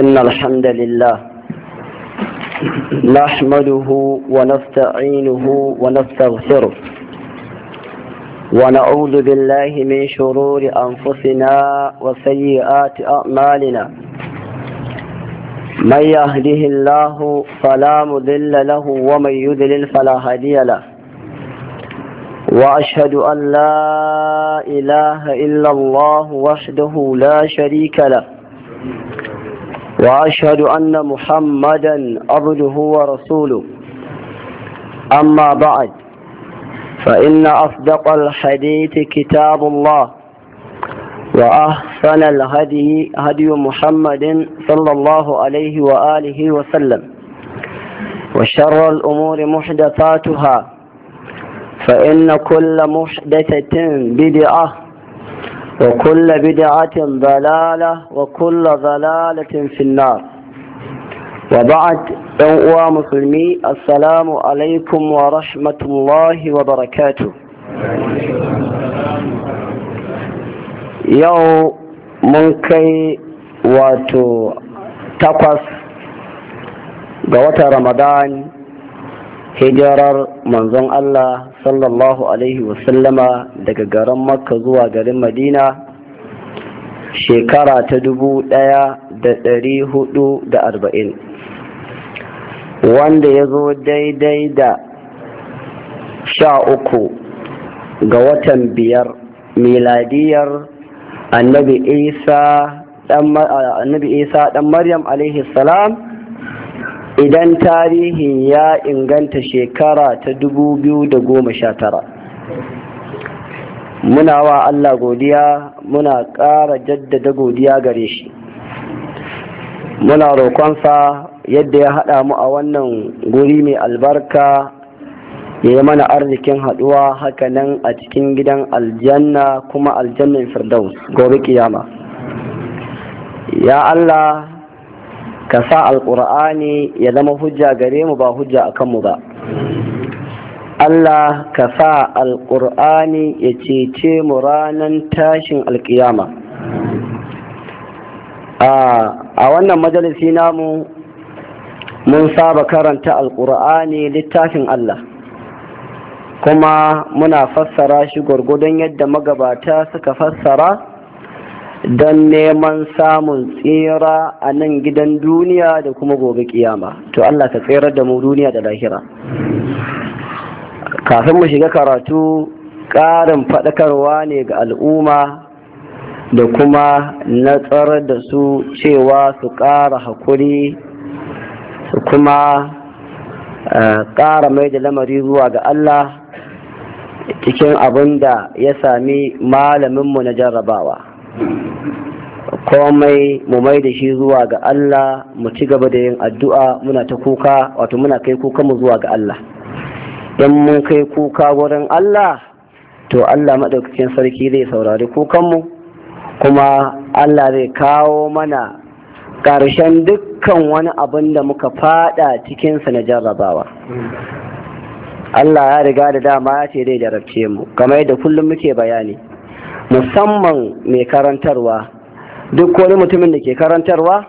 إن الحمد لله نحمده ونستعينه ونستغفره ونعوذ بالله من شرور أنفسنا وسيئات أعمالنا من يهده الله فلا مذل له ومن يذلل فلا هدي له وأشهد أن لا إله إلا الله وحده لا شريك له وأشهد أن محمدا عبده ورسوله أما بعد فإن أصدق الحديث كتاب الله وأحسن الهدي هدي محمد صلى الله عليه وآله وسلم وشر الأمور محدثاتها فإن كل محدثة بدعة وكل بدعة ضلالة وكل ضلالة في النار وبعد أنواع مسلمي السلام عليكم ورحمة الله وبركاته يو منكي واتو تقص قوة رمضان hijirar manzon Allah sallallahu alaihi wasallama daga garin makka zuwa garin madina shekara ta dubu ɗaya da ɗari hudu da arba'in wanda ya zo daidai da sha uku ga watan biyar miladiyar annabi isa ɗan maryam alaihi salam idan tarihin ya inganta shekara ta da goma sha tara. muna wa Allah godiya muna ƙara jaddada godiya gare shi muna roƙonsa yadda ya haɗa mu a wannan guri mai albarka ya yi mana arzikin haɗuwa haka nan a cikin gidan aljanna kuma aljannan firdaus gobe kiyama ya Allah ka sa alƙur'ani ya zama hujja gare mu ba hujja a kanmu ba Allah ka sa alƙur'ani ya cece mu ranar tashin alƙiyama a wannan majalisi namu mun saba karanta alƙur'ani littafin Allah kuma muna fassara shi gwargwadon yadda magabata suka fassara don neman samun tsira a nan gidan duniya da kuma gobe kiyama to Allah ka tserar da mu duniya da lahira kafin mu shiga karatu ƙarin faɗakarwa ne ga al'umma da kuma natsar da su cewa su ƙara hakuri, su kuma eh, ƙara mai da lamari zuwa ga Allah cikin abin da ya sami malaminmu na jarrabawa komai mu mai da shi zuwa ga Allah mu ci gaba da yin addu'a muna ta kuka wato muna kai kuka mu zuwa ga Allah dan mun kai kuka wurin Allah to Allah madaukakin sarki zai saurari kukanmu kuma Allah zai kawo mana ƙarshen dukkan wani abin da muka fada cikinsa na jarrabawa Allah ya riga da dama ya ce zai jarabce mu kamar yadda kullum muke bayani musamman mai karantarwa duk wani mutumin da ke karantarwa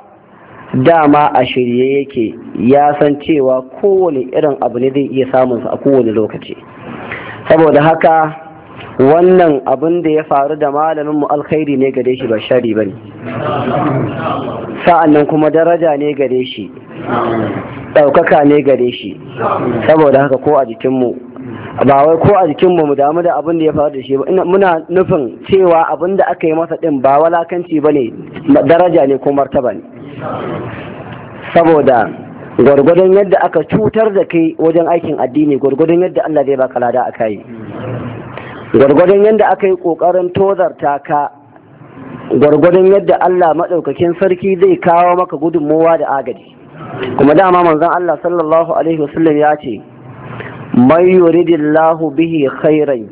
dama a shirye yake ya san cewa kowane irin abu ne zai iya samun samunsa a kowane lokaci saboda haka wannan abin da ya faru da malaminmu alkhairi ne gare shi ba shari ba ne sa'an nan kuma daraja ne gare shi ɗaukaka ne gare shi saboda haka ko a jikinmu ba wai ko a jikin mu damu da abin da ya faru da shi ba muna nufin cewa abin da aka yi masa din ba walakanci ba ne daraja ne ko martaba ne saboda gwargwadon yadda aka cutar da kai wajen aikin addini gwargwadon yadda Allah zai baka lada a yi, gwargwadon yadda aka yi kokarin tozarta ka gwargwadon yadda Allah Madaukakin sarki zai kawo maka gudunmowa da agaji kuma dama manzon Allah sallallahu alaihi wasallam ya ce man yuridillahu bihi khairan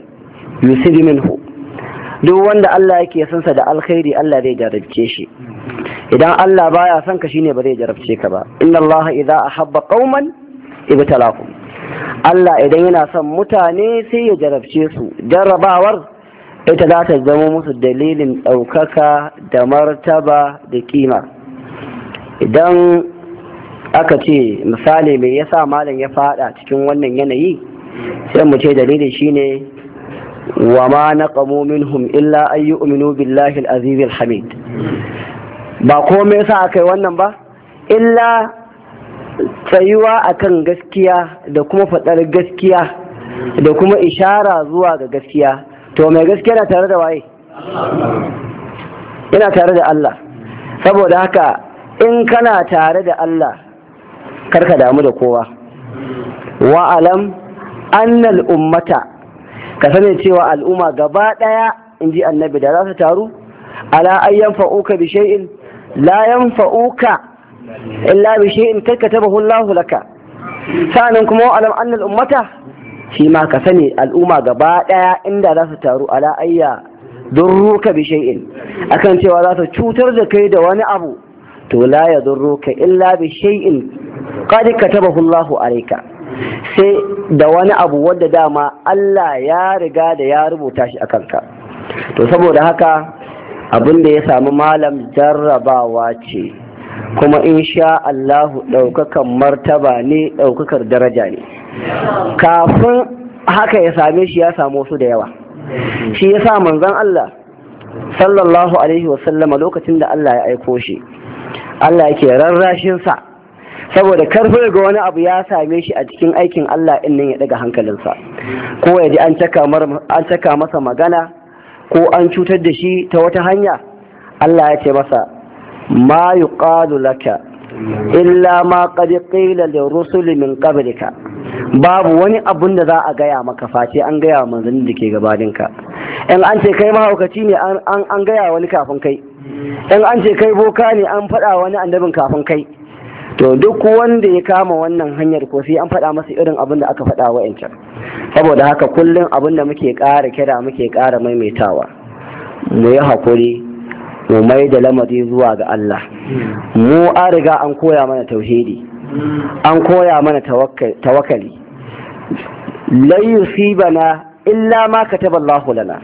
yusib minhu duk wanda Allah yake son sa da alkhairi Allah zai jarabce shi idan Allah baya son ka shine ba zai jarabce ka ba inna Allah idza ahabba qauman ibtalahum Allah idan yana son mutane sai ya jarabce su jarabawar ita za ta zama musu dalilin ɗaukaka da martaba da kima idan aka ce misali me yasa malam ya fada cikin wannan yanayi sai mu ce dalilin shine wa ma naqamu minhum illa an yu'minu billahi al-aziz al-hamid ba komai yasa akai wannan ba illa tsayuwa akan gaskiya da kuma fadar gaskiya da kuma ishara zuwa ga gaskiya to mai gaskiya na tare da waye Ina tare da Allah saboda haka in kana tare da Allah karka damu da kowa wa alam annal ummata ka sani cewa al'umma gaba daya in ji annabi da za su taru ala ayyan fa'uka bi shay'in la yanfa'uka illa bi shay'in katatabahu Allahu laka sanan kuma wa alam annal ummata shi ma ka sani al'umma gaba daya inda za su taru ala ayya durruka bi shay'in akan cewa za su cutar da kai da wani abu to la ka illa bi shay'in qad katabahu Allahu alayka sai da wani abu wanda dama Allah ya riga da ya rubuta shi a kanka to saboda haka abin da ya samu malam jarrabawa ce kuma insha Allahu ɗaukakan martaba ne ɗaukakar daraja ne kafin haka ya same shi ya samu su da yawa shi ya sa manzon Allah sallallahu alaihi wasallama lokacin da Allah ya aiko shi Allah yake sa, saboda karfi ga wani abu ya same shi a cikin aikin Allah in nan ya daga hankalinsa ko ya ji an caka masa magana ko an cutar da shi ta wata hanya Allah ya ce masa ma ƙadu, laka illa ma qad qila da rusuli min qablika babu wani abun da za a gaya maka face an gaya manzanni da ke gabaninka in an ce kai mahaukaci ne an gaya wani kafin kai in an ce kai boka ne an faɗa wani annabin kafin kai to duk wanda ya kama wannan hanyar ko sai an faɗa masa irin abin da aka faɗa wa yancan saboda haka kullum abin da muke ƙara kira muke ƙara maimaitawa mu yi hakuri mu mai da lamari zuwa ga Allah mu an riga an koya mana tauhidi an koya mana tawakkali lai yusibana illa ma kataballahu lana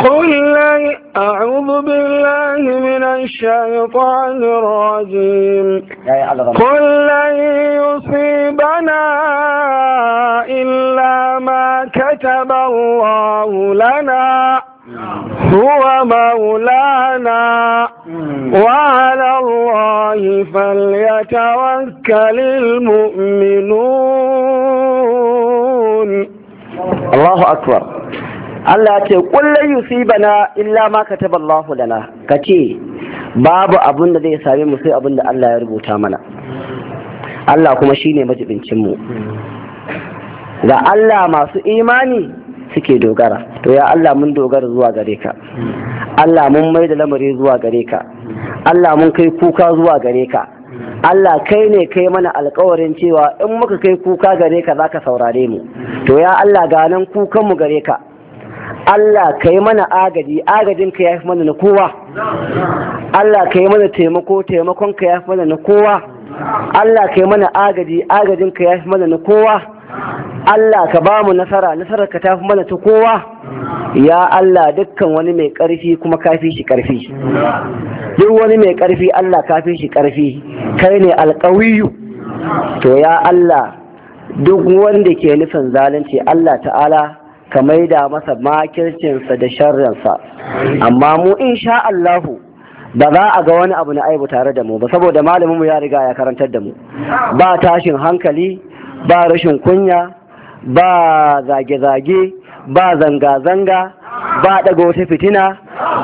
قل لي أعوذ بالله من الشيطان الرجيم قل لن يصيبنا إلا ما كتب الله لنا هو مولانا وعلى الله فليتوكل المؤمنون الله أكبر Allah ce kullum yusibana illa ma kataba Allah lana ce babu abin da zai sami mu sai abin da Allah ya rubuta mana Allah kuma shine majibincin mu ga Allah masu imani suke dogara to ya Allah mun dogara zuwa gare ka Allah mun mai da lamari zuwa gare ka Allah mun kai kuka zuwa gare ka Allah kai ne kai mana alkawarin cewa in muka kai kuka gare ka za ka saurare mu to ya Allah ga nan kukan mu gare ka Allah ka yi mana agaji agajin ka ya fi mana na kowa Allah ka yi mana taimako taimakon ka ya fi mana na kowa Allah ka yi mana agaji agajin ka ya fi mana na kowa Allah ka ba mu nasara nasarar ka ta fi mana ta kowa ya Allah dukkan wani mai ƙarfi kuma kafi shi ƙarfi duk wani mai ƙarfi Allah kafi shi ƙarfi kai ne alƙawiyu to ya Allah duk wanda ke nufin zalunci Allah ta'ala ka maida masa makircinsa da sharrinsa amma mu insha Allahu ba za a ga wani abu na aibu tare da mu ba saboda malamin mu ya riga ya karantar da mu ba tashin hankali ba rashin kunya ba zage-zage ba zanga-zanga ba daga wata fitina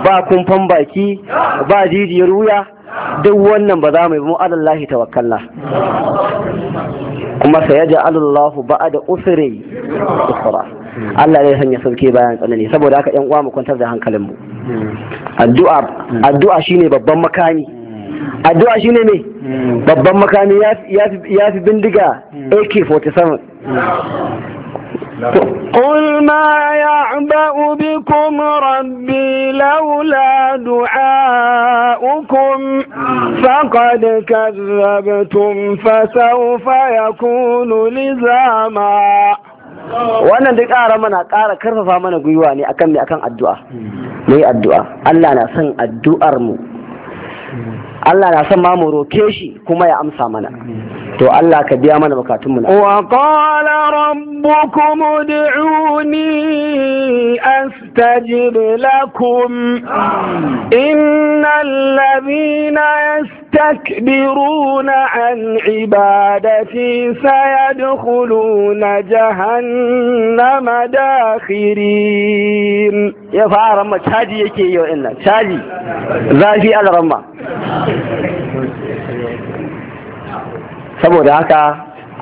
ba kumfan baki ba jijiyar wuya duk wannan ba za mu yi mu adallahi tawakkalla kuma sai ya ji alallahu ba da usri usra Allah zai sanya sauke bayan tsanani saboda haka yan uwa mu kwantar da hankalin mu addu'a addu'a shine babban makami addu'a shine me babban makami ya fi bindiga AK47 قل ما يعبأ بكم ربي لولا دعاؤكم فقد كذبتم فسوف يكون لزاما wannan duk ƙara mana ƙara karfafa mana gwiwa ne akan mai akan addu'a mai addu'a Allah na son addu'ar mu Allah na son ma mu roke shi kuma ya amsa mana to Allah ka biya mana bukatunmu na wa qala rabbukum ud'uni na lakum innal ladina yastakbiruna an ibadati sayadkhuluna jahannama dakhirin ya fara mu caji yake yau inna caji zafi alramma saboda haka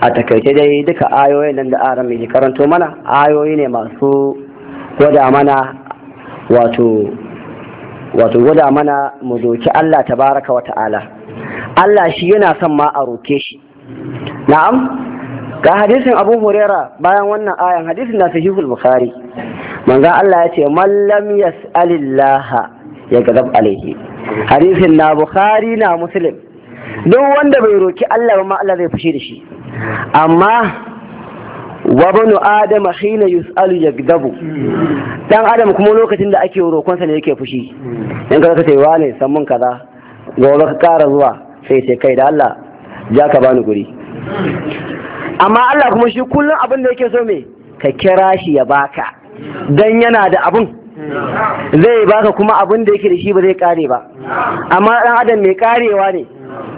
a takaice dai duka ayoyin nan da aran mai karanto mana ayoyi ne masu gwada mana wato wato gwada mana mu doki Allah ta baraka wa ta'ala Allah shi yana son ma a roke shi na'am ga hadisin abu huraira bayan wannan ayan hadisin na sahihul bukhari manzon Allah ya ce man lam yas'alillah ya gadab alaihi hadisin na bukhari na muslim duk wanda bai roki Allah ba ma Allah zai fushi da shi amma wa banu adama hina yus'alu yakdabu dan adam kuma lokacin da ake roƙonsa ne yake fushi in ka sai wane san mun kaza gobe ka ƙara zuwa sai sai kai da Allah ja ka bani guri amma Allah kuma shi kullum abin da yake so me ka kira shi ya baka dan yana da abun zai baka kuma abin da yake da shi ba zai kare ba amma dan adam mai karewa ne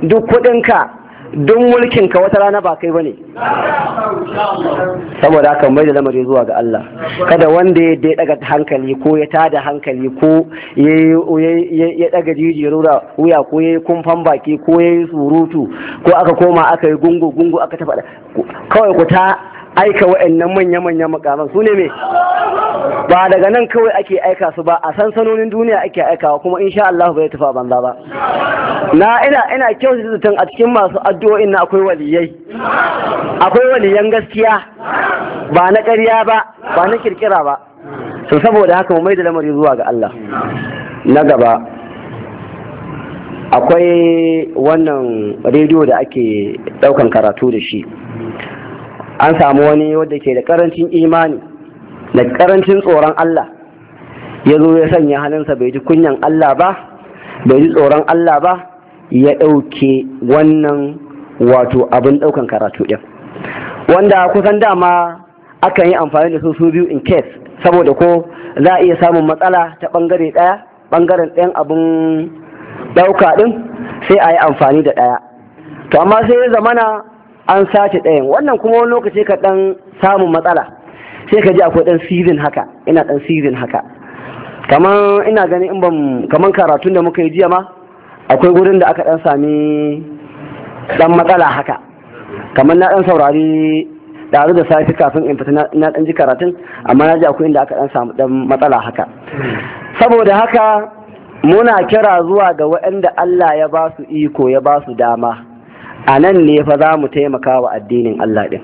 duk kudinka duk mulkinka wata rana ba kai bane saboda haka mai da lamari zuwa ga Allah kada wanda ya dai daga hankali ko ya tada hankali ko ya daga jijiyar wuya ko ya yi kumfan baki ko ya yi surutu ko aka koma aka yi gungu gungu aka tafaɗa kawai ku ta aika wa'annan manya-manya makaman su ne mai ba daga nan kawai ake aika su ba a sansanonin duniya ake aikawa kuma insha Allah bai tafi banza ba na ina ina kyautata a cikin masu addu'o'in na akwai waliyai akwai waliyan gaskiya ba na ƙarya ba ba na kirkira ba to saboda haka mu mai da lamari zuwa ga Allah na gaba akwai wannan rediyo da ake ɗaukan karatu da shi an samu wani wadda ke da karancin imani da karancin tsoron Allah ya zo ya sanya hannunsa bai ji kunyan Allah ba bai ji tsoron Allah ba ya ɗauke wannan wato abin ɗaukan karatu ɗin wanda kusan dama akan yi amfani da su su biyu in case saboda ko za a iya samun matsala ta ɓangare ɗaya ɓangaren ɗayan abin ɗauka ɗin sai a yi amfani da ɗaya to amma sai ya zamana an sace ɗayan wannan kuma wani lokaci kaɗan samun matsala sai ka ji akwai dan sizin haka ina dan sizin haka Kamar ina gani in ban kaman karatun da muka yi jiya ma akwai gurin da aka dan sami dan matsala haka kaman na dan saurari daru da safi kafin in fita na dan ji karatun amma na ji akwai inda aka dan samu dan matsala haka saboda haka muna kira zuwa ga waɗanda Allah ya ba su iko ya ba su dama a nan ne fa za mu taimaka wa addinin Allah ɗin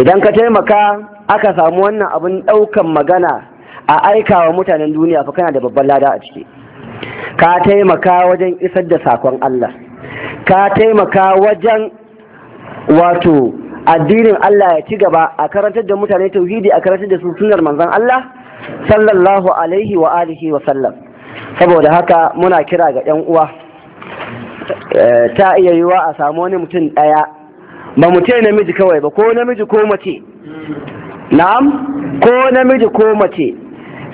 idan ka taimaka aka samu wannan abin ɗaukan magana a aika wa mutanen duniya fa kana da babban lada a ciki ka taimaka wajen isar da sakon Allah ka taimaka wajen wato addinin Allah ya ci gaba a karantar da mutane tauhidi a karantar da sunnar manzon Allah sallallahu alaihi wa alihi wa sallam saboda haka muna kira ga yan uwa eh, ta iya yiwa a samu wani mutum ɗaya ba mutum namiji kawai ba ko namiji ko mace na'am ko namiji ko mace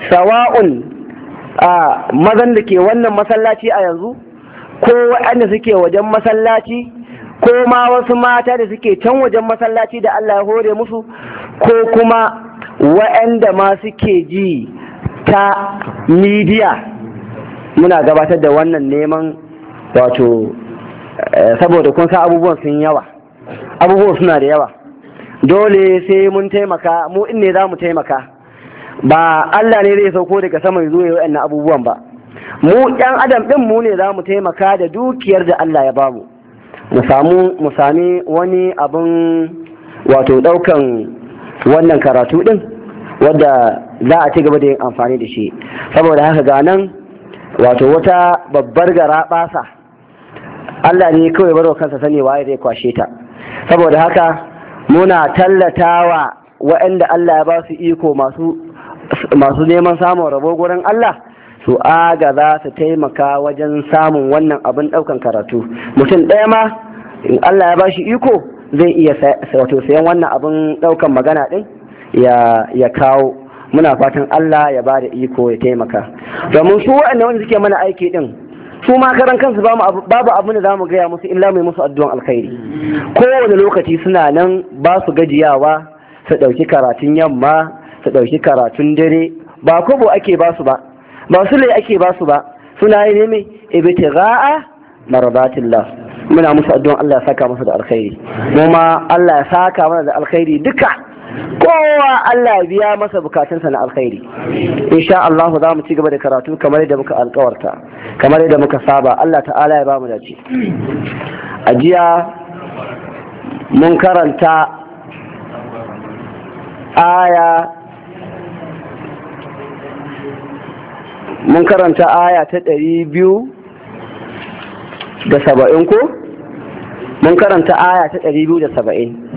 sawa'un a mazan da ke wannan masallaci a yanzu ko waɗanda suke wajen masallaci ko ma wasu mata da suke can wajen masallaci da Allah ya hore musu ko kuma waɗanda ma suke ji ta midiya muna gabatar da wannan neman wato eh, saboda kun san abubuwan sun yawa abubuwan suna da yawa dole sai mun taimaka mu in ne za mu taimaka ba Allah ne zai sauko daga sama ya zo ya abubuwan ba mu ɗan adam ɗin mu ne za mu taimaka da dukiyar da Allah ya bamu mu mu sami wani abin wato ɗaukan wannan karatu ɗin wadda za a ci gaba da yin amfani da shi saboda haka ga nan wato wata babbar gara ɓasa Allah ne kawai barwa kansa sani waye zai kwashe ta saboda haka muna tallatawa waɗanda Allah ya ba su iko masu neman samun rabo gurin Allah su aga za su taimaka wajen samun wannan abin ɗaukan karatu mutum ɗaya ma in Allah ya ba shi iko zai iya wato sayan wannan abin ɗaukan magana ɗin ya kawo muna fatan Allah ya ba da iko ya taimaka domin su wa'anda wanda suke mana aiki ɗin su ma karan kansu babu abin da za mu gaya musu illa mai musu addu'an alkhairi kowane lokaci suna nan ba su gajiyawa su ɗauki karatun yamma su ɗauki karatun dare ba kobo ake ba su ba ba su lai ake ba su ba suna yi neme ibtigha'a maradatillah muna musu addu'an Allah ya saka musu da alkhairi mu Allah ya saka mana da alkhairi duka kowa Allah ya biya masa bukatunsa na alkhairi insha Allah za mu ci gaba da karatu kamar yadda muka alkawarta kamar yadda muka saba Allah ta'ala ya bamu dace a jiya mun karanta aya mun karanta aya ta ɗari biyu da saba'in ko mun karanta aya ta ɗari biyu da saba'in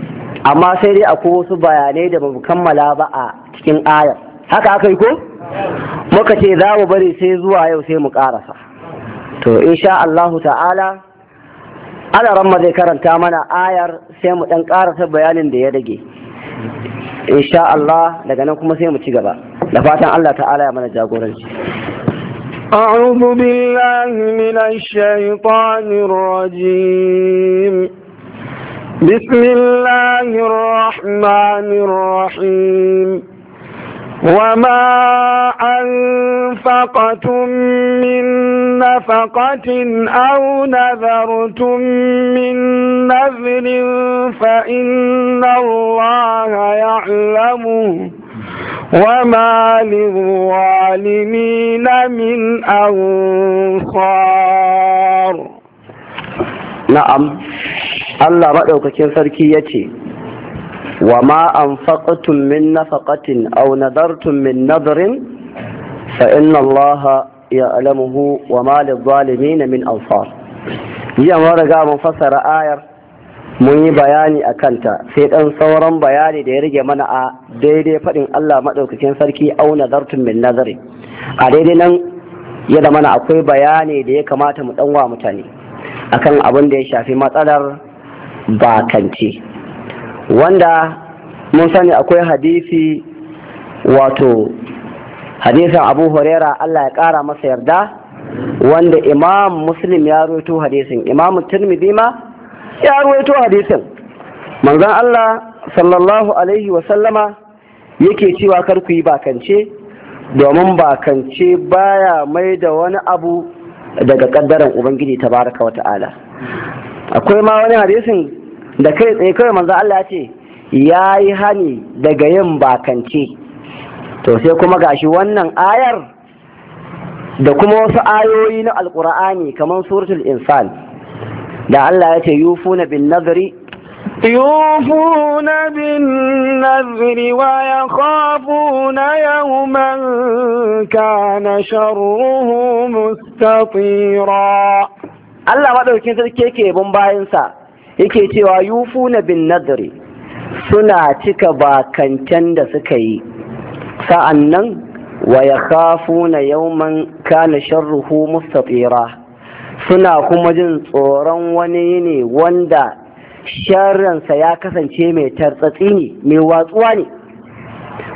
amma sai dai akwai wasu bayanai da bamu kammala ba a cikin ayar haka aka yi ko muka ce za mu bari sai zuwa yau sai mu karasa to insha Allahu ta'ala ana ramma zai karanta mana ayar sai mu dan karasa bayanin da ya rage insha Allah daga nan kuma sai mu ci gaba da fatan Allah ta'ala ya mana jagoranci أعوذ بالله من الشيطان الرجيم بسم الله الرحمن الرحيم وما أنفقتم من نفقة أو نذرتم من نذر فإن الله يعلمه وما للظالمين من أنصار na'am Allah maɗaukakin sarki ya ce wa ma an min nafaqatin aw nadartum min nadarin fa inna Allah ya wa ma zalimi na min ansar jiya mun riga mun fassara ayar mun yi bayani a kanta sai ɗan sauran bayani da ya rage mana a daidai faɗin Allah maɗaukakin sarki aw zartun min nazari a daidai nan ya da mana akwai bayani da ya kamata mu ɗanwa mutane akan abin da ya shafi matsalar bakanci wanda mun sani akwai hadisi wato hadisin abu huraira allah ya kara masa yarda wanda imam muslim ya ruwaito hadisin imam turmidi ma ya ruwaito hadisin manzon allah sallallahu alaihi wasallama yake cewa kar ku yi bakance domin bakance baya mai da wani abu daga kaddaran ubangiji tabaraka wa ta'ala akwai ma wani hadisin da kai tsaye kawai manzo Allah ya ce ya yi hani daga yin bakance to sai kuma gashi wannan ayar da kuma wasu ayoyi na alkur'ani kamar suratul insan da Allah ya ce yufuna bin nazari يوفون بالنذر ويخافون يوما كان شره مستطيرا Allah maɗaukin sarki yake bin bayansa yake cewa yufuna bin nadri suna cika bakancan da suka yi sa'an nan wa ya kafuna yauman kana sharruhu mustatira suna kuma jin tsoron wani ne wanda sharransa ya kasance mai tartsatsi ne mai watsuwa ne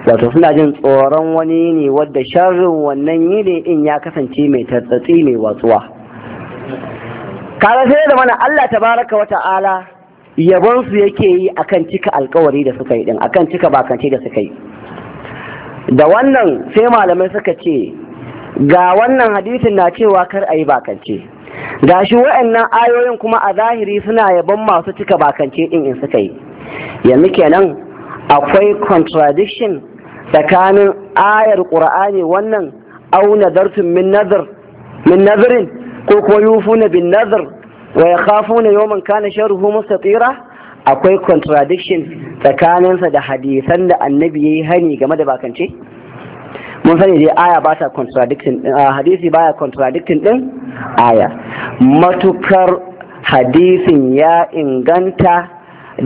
wato suna jin tsoron wani ne wadda sharrin wannan yi ne in ya kasance mai tartsatsi mai watsuwa kaga sai da mana Allah tabaraka wa ta'ala yabon su yake yi akan cika alkawari da suka yi din akan cika bakance da suka yi da wannan sai malamai suka ce ga wannan hadisin na cewa kar a yi bakance gashi wa'annan ayoyin kuma a zahiri suna yabon masu cika bakance din in suka yi yanzu kenan akwai contradiction tsakanin ayar qur'ani wannan au nadartum min nazar min nazarin ko kuma yufuna bin nazar wa yakhafuna yawman kana sharruhu mustatira akwai contradiction tsakaninsa da hadisan da annabi yayi hani game da bakance mun sani dai aya ba ta contradicting hadisi baya contradicting din aya matukar hadisin ya inganta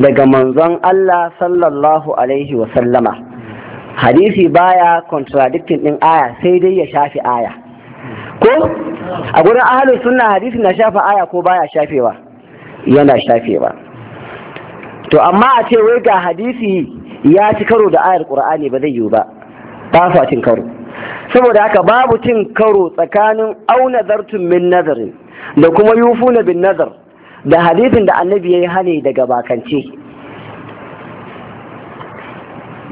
daga manzon Allah sallallahu alaihi wa sallama hadisi baya contradicting din aya sai dai ya shafi aya ko a gurin ahlus sunna hadisi na shafa aya ko baya shafewa yana shafewa to amma a ce wai ga hadisi ya ci karo da ayar qur'ani ba zai yiwu ba ba a cin karo saboda haka babu cin karo tsakanin au zartun min nazarin da kuma yufuna bin nazar da hadithin da annabi ya yi hane daga bakance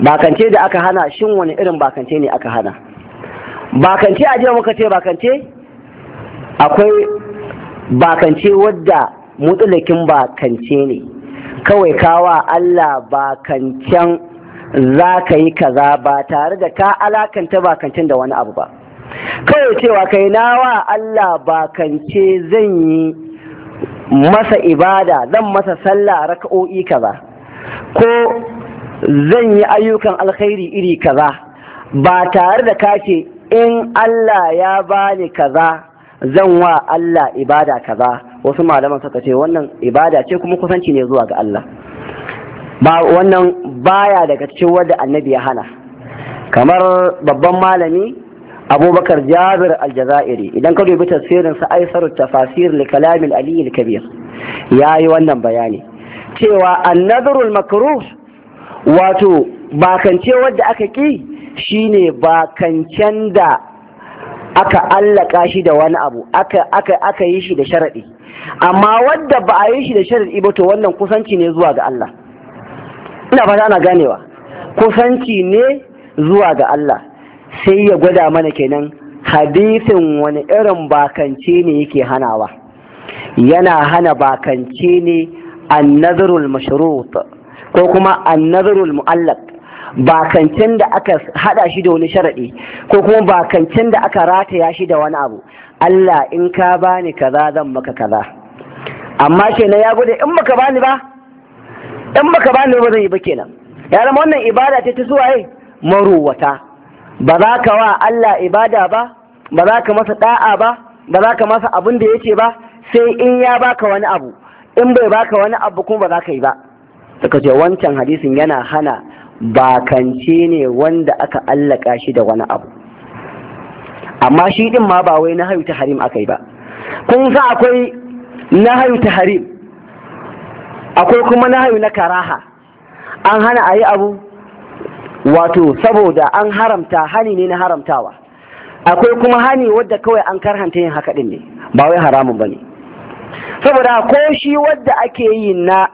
bakance da aka hana shin wani irin bakance ne aka hana bakance a jiya muka ce bakance akwai bakance wadda mutsulakin bakance ne kawai kawa Allah bakancen za ka yi kaza ba tare da ka alakanta bakancin da wani abu ba kawai cewa kai nawa Allah bakance zan yi masa ibada zan masa sallah raka'o'i kaza ko zan yi ayyukan alkhairi iri kaza ba tare da ka ce in Allah ya bani kaza zan wa Allah ibada kaza wasu malaman suka ce wannan ibada ce kuma kusanci ne zuwa ga Allah ba wannan baya daga cikin wadda annabi ya hana kamar babban malami abubakar jabir aljazairi idan ka dubi tafsirin sa aisar tafasir li kalam ali kabir ya yi wannan bayani cewa annadrul makruh wato bakance wadda aka ki shine bakancen da aka allaka shi da wani abu aka aka aka yi shi da sharadi amma wadda ba a yi shi da sharadi ba to wannan kusanci ne zuwa ga Allah ina fata ana ganewa kusanci ne zuwa ga Allah sai ya gwada mana kenan hadisin wani irin bakance ne yake hanawa yana hana bakance ne annazarul mashrut ko kuma annazarul mu'allaq bakancen da aka hada shi da wani sharadi ko kuma bakancen da aka rataya shi da wani abu Allah in ka bani kaza zan maka kaza amma kenan ya gode in baka bani ba in baka bani ba zai yi ba kenan ya zama wannan ibada ce ta yi maruwata ba za ka wa Allah ibada ba ba za ka masa da'a ba ba za ka masa abin da ya ce ba sai in ya baka wani abu in bai baka wani abu kuma ba za ka yi ba suka ce wancan hadisin yana hana bakance ne wanda aka allaka shi da wani abu amma shi din ma ba wai na hayu ta harim aka yi ba kun sa akwai na hayu ta harim akwai kuma nahayu na karaha an hana a yi abu wato saboda an haramta hani ne na haramtawa akwai kuma hani wadda kawai an karhanta yin haka din ne ba wai haramun ba ne saboda ko shi wadda ake yi na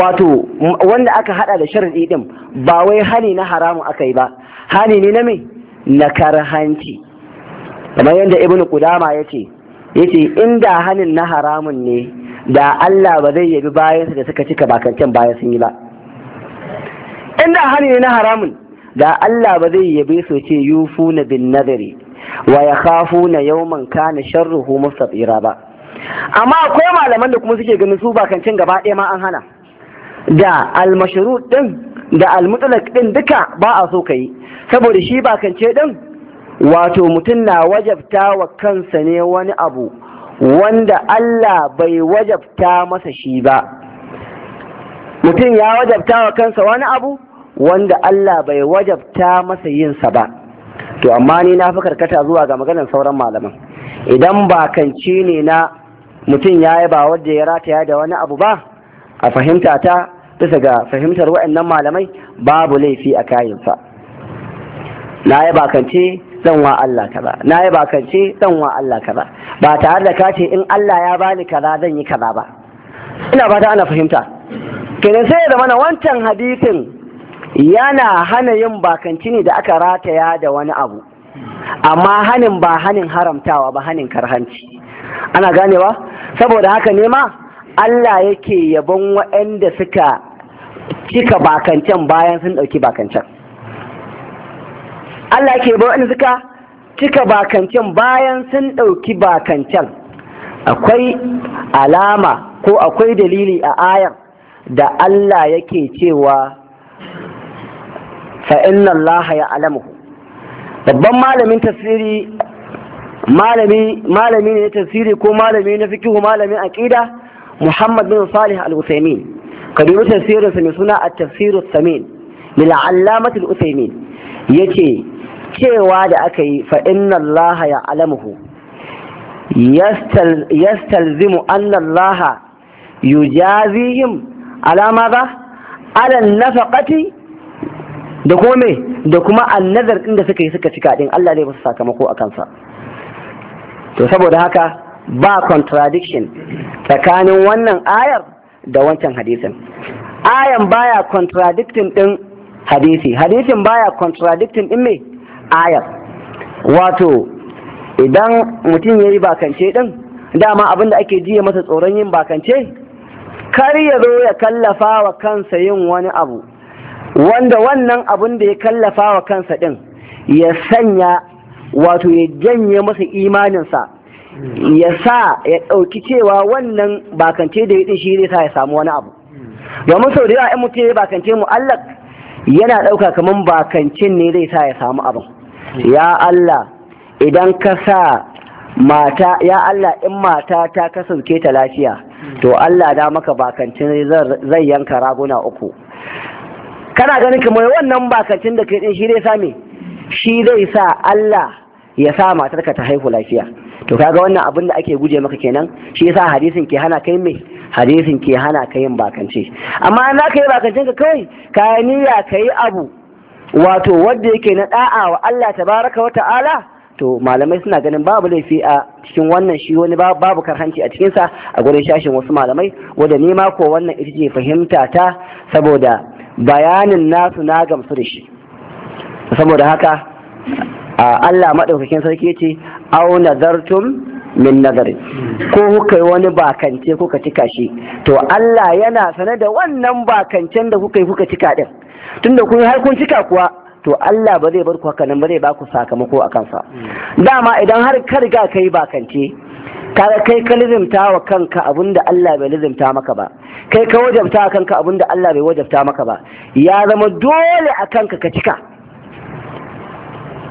wato wanda aka hada da sharadi din ba wai hani na haramun aka yi ba hani ne na mai na karhanci kamar yadda ibnu Kudama yace yace inda hanin na haramun ne da Allah ba zai yabi bayansu da suka cika bakancan bayan sun yi ba inda da ne na haramun da Allah ba zai yabe su ce yufuna bin nazari wa ya na yawman kana sharruhu tsira ba amma akwai malaman da kuma suke ganin su bakancin gaba ɗaya ma an hana da almashrut ɗin da almutsalak ɗin duka ba a so yi. saboda shi bakance ɗin, wato mutum na wajabta wa kansa ne wani abu wanda Allah bai wajabta masa shi ba mutum ya wajabta wa kansa wani abu wanda Allah bai wajabta masa yinsa ba to amma ni na fi karkata zuwa ga maganar sauran malaman idan ba ne na mutum ya yi ba wadda ya rataya da wani abu ba a fahimta ta bisa ga fahimtar waɗannan malamai babu laifi a kayansa na yi bakance danwa Allah kaza na yi bakance danwa Allah kaza ba tare da kace in Allah ya bani kaza zan yi kaza ba ina ba ta ana fahimta kenan sai da mana wancan hadisin yana hana yin bakanci ne da aka rataya da wani abu amma hanin ba hanin haramtawa ba hanin karhanci ana ganewa saboda haka ne ma Allah yake yabon waɗanda suka cika bakancen bayan sun ɗauki bakancen Allah ke ba wani suka cika bakancen bayan sun ɗauki bakancen akwai alama ko akwai dalili a ayar da Allah yake cewa fa'inna Allah ya alamu babban malamin tasiri malami malami ne tasiri ko malami na fikihu malami aqida Muhammad bin Salih al-Uthaymeen kadiru tafsirin sa mai suna at-tafsir as-samin lil 'allamah al-Uthaymeen yace cewa da aka yi fa'in inna Laha ya alamuhu an anna allaha yujazihim ala maza ala nafaqati da kuma me da kuma annazar ɗin da suka yi suka cika ɗin, Allah zai musu sakamako a kansa to saboda haka ba contradiction tsakanin wannan ayar da wancan hadisin ayan baya contradicting ɗin hadisi hadisin baya contradicting ɗin me ayar wato idan mutum ya yi bakance din dama abinda ake jiya masa tsoron yin bakance kar ya zo ya kallafa wa kansa yin wani abu wanda wannan abin da ya kallafa wa kansa ɗin ya sanya wato ya janye masa imaninsa ya sa ya ɗauki cewa wannan bakance da ya ɗin shi zai sa ya samu wani abu domin sau da yawa in mutum ya bakance mu'allak yana ɗauka kamar bakancin ne zai sa ya samu abin ya Allah idan ka sa mata ya Allah in mata ta kasance ta lafiya to Allah da maka bakancin zai yanka raguna uku kana ganin kamar wannan bakancin da kai din shi zai same shi zai sa Allah ya sa matarka ta haihu lafiya to kaga wannan abin da ake guje maka kenan shi yasa hadisin ke hana kai mai hadisin ke hana ka yin bakance amma na ka yi bakancin ka kawai ka niyya ka abu wato wanda yake na da'a wa Allah tabaraka wa ta'ala to malamai suna ganin babu laifi a cikin wannan shi wani babu karhanci a cikinsa a gurin shashin wasu malamai wadda nema ko wannan ita ce fahimta ta saboda bayanin nasu na gamsu da shi saboda haka Allah maɗaukakin sarki ce auna zartun. min nazari ko kuka yi wani bakance kuka cika shi to Allah yana sane da wannan bakancen da kuka yi kuka cika din tunda kun har kun cika kuwa to Allah ba zai bar ku haka nan ba zai ba ku sakamako a kansa dama idan har ka riga kai bakance kaga kai ka lizimta wa kanka abinda Allah bai lizimta maka ba kai ka wajabta wa kanka abinda Allah bai wajabta maka ba ya zama dole a kanka ka cika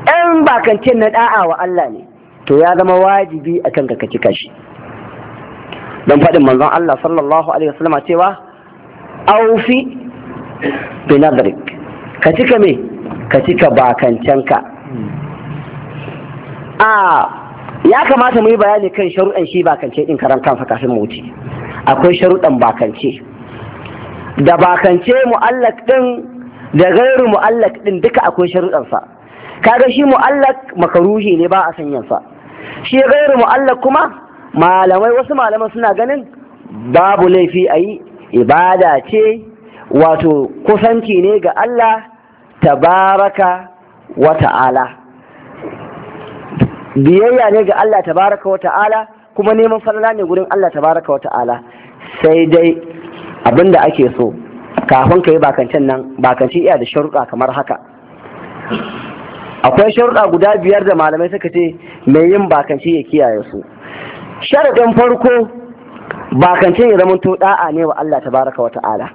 ɗan bakancin na da'a wa Allah ne to ya zama wajibi akan ka ka cika shi don faɗin manzon Allah sallallahu alaihi wasallam cewa aufi bi nadrik ka cika me ka cika bakancenka a ya kamata mu yi bayani kan sharuɗan shi bakance din karan kansa kafin mu wuce akwai sharuɗan bakance da bakance mu'allak din da gairu mu'allak din duka akwai sharuɗansa kaga shi mu'allak makaruhi ne ba a sanyansa shi gairu mu'allaq kuma malamai wasu malaman suna ganin babu laifi a yi ibada ce wato kusanci ne ga Allah tabaraka wa ta'ala biyayya ne ga Allah tabaraka wa ta'ala kuma neman falala ne gurin Allah tabaraka wa ta'ala sai dai abinda ake so kafin ka yi bakancin nan bakanci iya da sharuɗa kamar haka akwai sharuɗa guda biyar da malamai suka ce mai yin bakance ya kiyaye su sharaɗin farko bakance ya zama to da'a ne wa Allah tabaraka wa ta'ala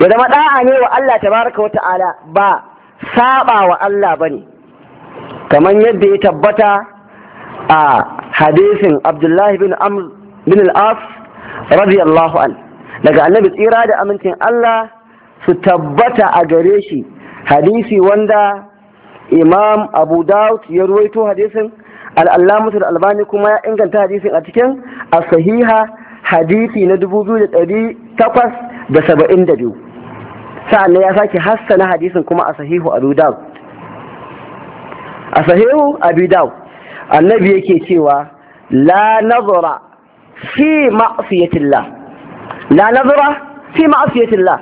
ya zama da'a ne wa Allah tabaraka wa ta'ala ba saba wa Allah bane kamar yadda ya tabbata a hadisin Abdullahi bin Amr al-As radiyallahu an daga annabi tsira da amincin Allah su tabbata a gare shi hadisi wanda imam abu dawud ya ruwaito hadisin da albani kuma ya inganta hadisin a cikin a sahiha hadisi na Sa'an sa'annan ya sake hassana hadisin kuma a sahihu abu dawud a sahihu abu dawud annabi yake cewa la nazara fi ma'asiyatillah la nazara fi ma'asiyatillah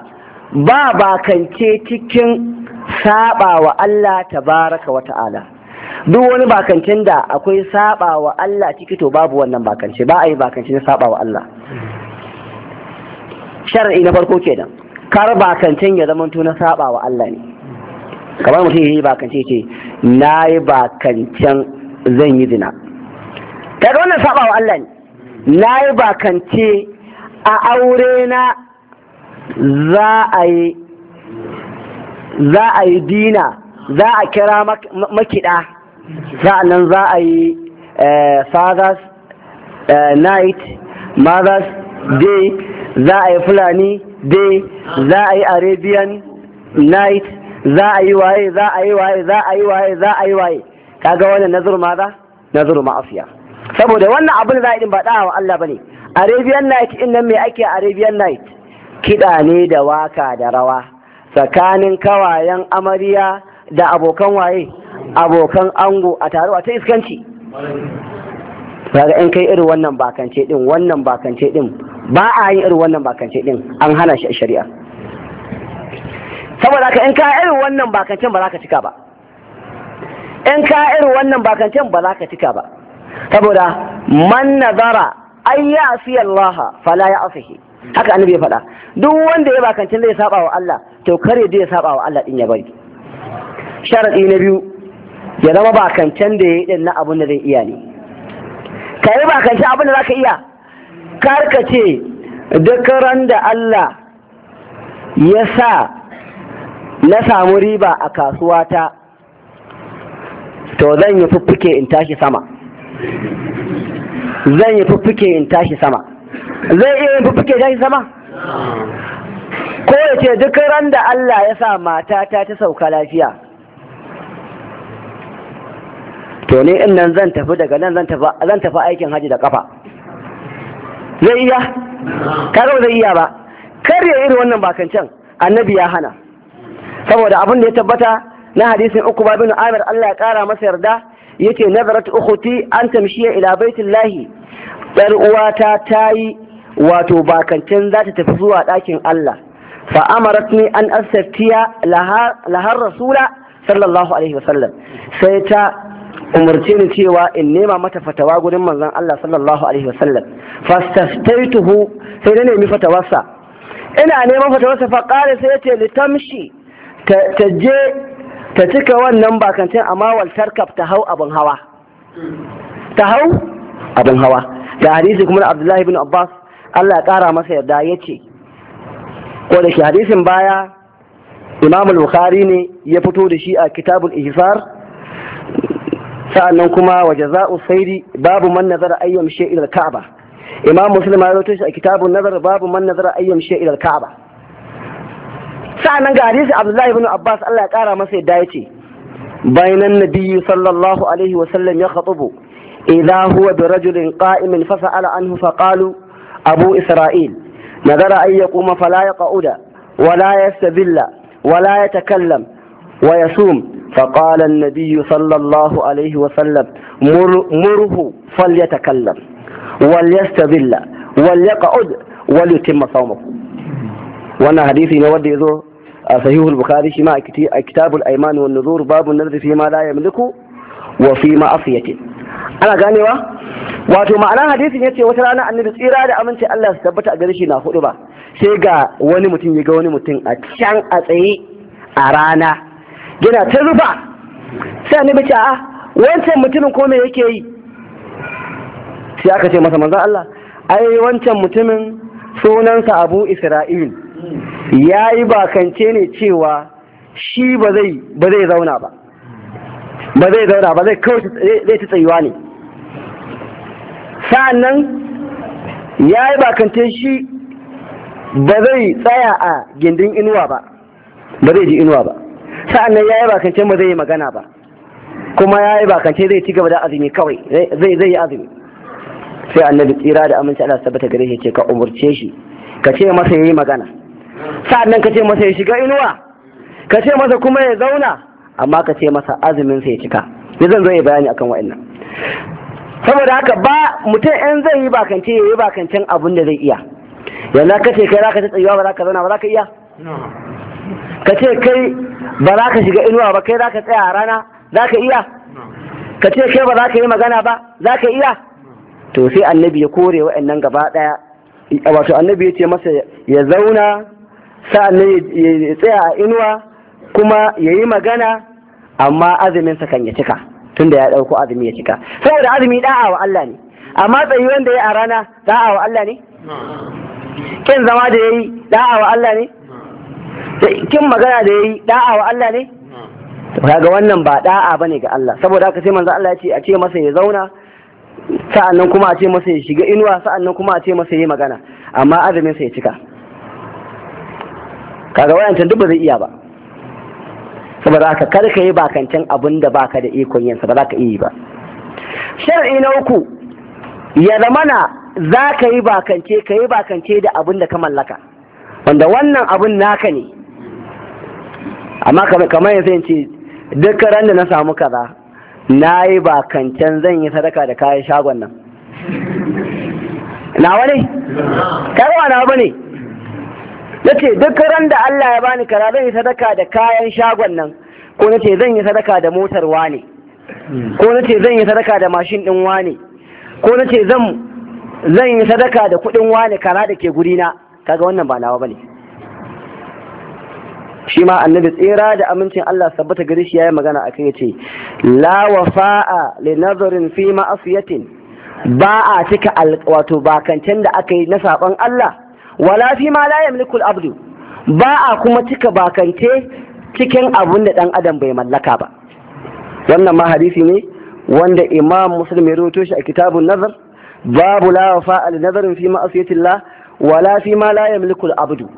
ba bakance cikin saba wa Allah tabaraka wa ta'ala duk wani bakancin da akwai saba wa Allah ciki to babu wannan bakance ba a yi bakance na saba wa Allah shar'i na farko kenan kar bakancin ya zama na saba wa Allah ne kamar mutum yi bakance ce na yi bakancen zan yi zina kaga wannan saba wa Allah ne na yi bakance a aure na za a yi za a yi dina za a kira makiɗa nan za a yi fathers night mothers day za a yi fulani day za a yi arabian night za a yi waye za a yi waye za a yi waye za a yi waye kaga wannan nazar ma za nazar ma afiya saboda wannan abin za a yi ba wa Allah bane arabian night din nan me ake arabian night kida ne da waka da rawa tsakanin kawayen amarya da abokan waye abokan ango a taruwa ta iskanci daga in kai irin wannan bakance din wannan bakance din ba a yin irin wannan bakance din an hana shi a shari'a saboda ka in ka irin wannan bakancen ba za ka cika ba in ka irin wannan bakancen ba za ka cika ba saboda man nazara an ya Allah fala ya haka annabi ya faɗa duk wanda ya bakancin zai saba wa Allah to kare da ya saba wa Allah din ya bari sharadi na biyu ya zama ba kancan da ya yi na abin da zai iya ne ka yi ba kancan abin da zaka iya karka ce duk ran da Allah ya sa na samu riba a kasuwata to zan yi fuffuke in tashi sama zan yi fuffuke in tashi sama zai iya yin fuffuke tashi sama ko ya ce duk ran da Allah ya sa matata ta sauka lafiya to ne in nan zan tafi daga nan zan tafi aikin haji da kafa zai iya karo zai iya ba kar ya irin wannan bakancan annabi ya hana saboda abin da ya tabbata na hadisin uku babin amir Allah ya kara masa yarda yace nazarat ukhti an tamshiya ila baitillahi yar uwata tayi wato bakancan za ta tafi zuwa ɗakin Allah fa an astaftiya lahar rasula sallallahu alaihi wasallam sai ta umarci ni cewa in nema mata fatawa gurin manzon Allah sallallahu alaihi wasallam fastastaituhu sai na nemi fatawarsa ina neman fatawarsa fa qala sai yace litamshi ta je ta cika wannan bakantin amawal tarkab ta hau abin hawa ta hau abin hawa da hadisi kuma Abdullahi bin Abbas Allah ya kara masa yarda yace ko da hadisin baya imam al bukhari ne ya fito da shi a kitabul ihsar sa'annan kuma wa jaza'u sairi babu man nazara ayyam sha'ir ka'aba imam muslim ya rawaito shi a kitabun nazar babu man nazara ayyam sha'ir ka'aba sa'annan ga hadisi abdullahi ibn abbas Allah ya kara masa yadda yace bainan nabiyyi sallallahu alaihi wa sallam ya khatubu idha huwa bi rajulin qa'imin fa sa'ala anhu fa qalu abu isra'il نذر أن يقوم فلا يقعد ولا يستذل ولا يتكلم ويصوم فقال النبي صلى الله عليه وسلم مر مره فليتكلم وليستذل وليقعد وليتم صومه وانا حديثي نودي ذو صحيح البخاري شماء كتاب الأيمان والنذور باب النذر فيما لا يملك وفي معصيته ana ganewa wato ma'anar hadisin yace wata rana annabi tsira da aminci Allah su tabbata a gare shi na hudu ba sai ga wani mutum ya ga wani mutum a can a tsaye a rana yana ta ruba sai annabi ce a wancan mutumin ko me yake yi sai aka ce masa manzon Allah ai wancan mutumin sunansa Abu Isra'il ya yi bakance ne cewa shi ba zai zauna ba ba zai zauna ba zai kawai zai ta tsayuwa ne sa'annan ya yi bakantar shi ba zai tsaya a gindin inuwa ba ba zai ji inuwa ba sa'annan ya yi bakantar ba zai yi magana ba kuma ya yi bakantar zai ci gaba da azumi kawai zai yi azumi sai annabi tsira da aminci ala sabbata gare shi ce ka umurce shi ka ce masa ya yi magana sa'annan ka ce masa ya shiga inuwa ka ce masa kuma ya zauna amma ka ce masa azumin sa ya cika Ni zan zo yi bayani akan wa'annan saboda haka ba mutum yan zai yi bakance ya yi bakancen abin da zai iya yanzu ka ce kai za ka ta tsayuwa ba za ka zauna ba za ka iya ka ce kai ba za ka shiga inuwa ba kai za ka tsaya a rana za ka iya ka ce kai ba za ka yi magana ba za ka iya to sai annabi ya kore wa'annan gaba daya wato annabi ya ce masa ya zauna sa'annan ya tsaya a inuwa kuma ya yi magana amma azumin sa kan ya cika tunda ya dauko azumi ya cika saboda azumi da'a wa Allah ne amma tsayi wanda ya a rana da'a wa Allah ne kin zama da yayi da'a wa Allah ne kin magana da yayi da'a wa Allah ne kaga wannan ba da'a bane ga Allah saboda haka sai manzo Allah ya ce a ce masa ya zauna sa'annan kuma a ce masa ya shiga inuwa sa'annan kuma a ce masa ya magana amma azumin sa ya cika kaga wayancan duk ba zai iya ba saboda haka kar ka yi bakancin abin da baka da ikon yin ba za ka yi ba shar'i na uku ya na za ka yi bakance ka yi bakance da abin da ka mallaka wanda wannan abin naka ne amma kamar yanzu ce duk ran da na samu kaza na yi bakancan zan yi sadaka da kayan shagon nan na wani? karwa na ba ne ya ce duk ran da Allah ya bani kara zan yi sadaka da kayan shagon nan ko na ce zan yi sadaka da motar wane ko na ce zan yi sadaka da mashin din wane ko na ce zan yi sadaka da kuɗin wane kara da ke na kaga wannan ba nawa bane shi ma annabi tsira da amincin Allah sabbata gari shi yayin magana akan yace la wafa'a li nazarin fi ma'asiyatin ba a cika wato bakancen da aka yi na saban Allah wala fi ma la yamliku al-abdu ba a kuma cika bakance cikin abun da dan adam bai mallaka ba wannan ma hadisi ne wanda imam muslim ya rawaito shi a kitabun nazar babu la wafa al nazarin fi ma'asiyatillah wala fi ma la yamliku al-abdu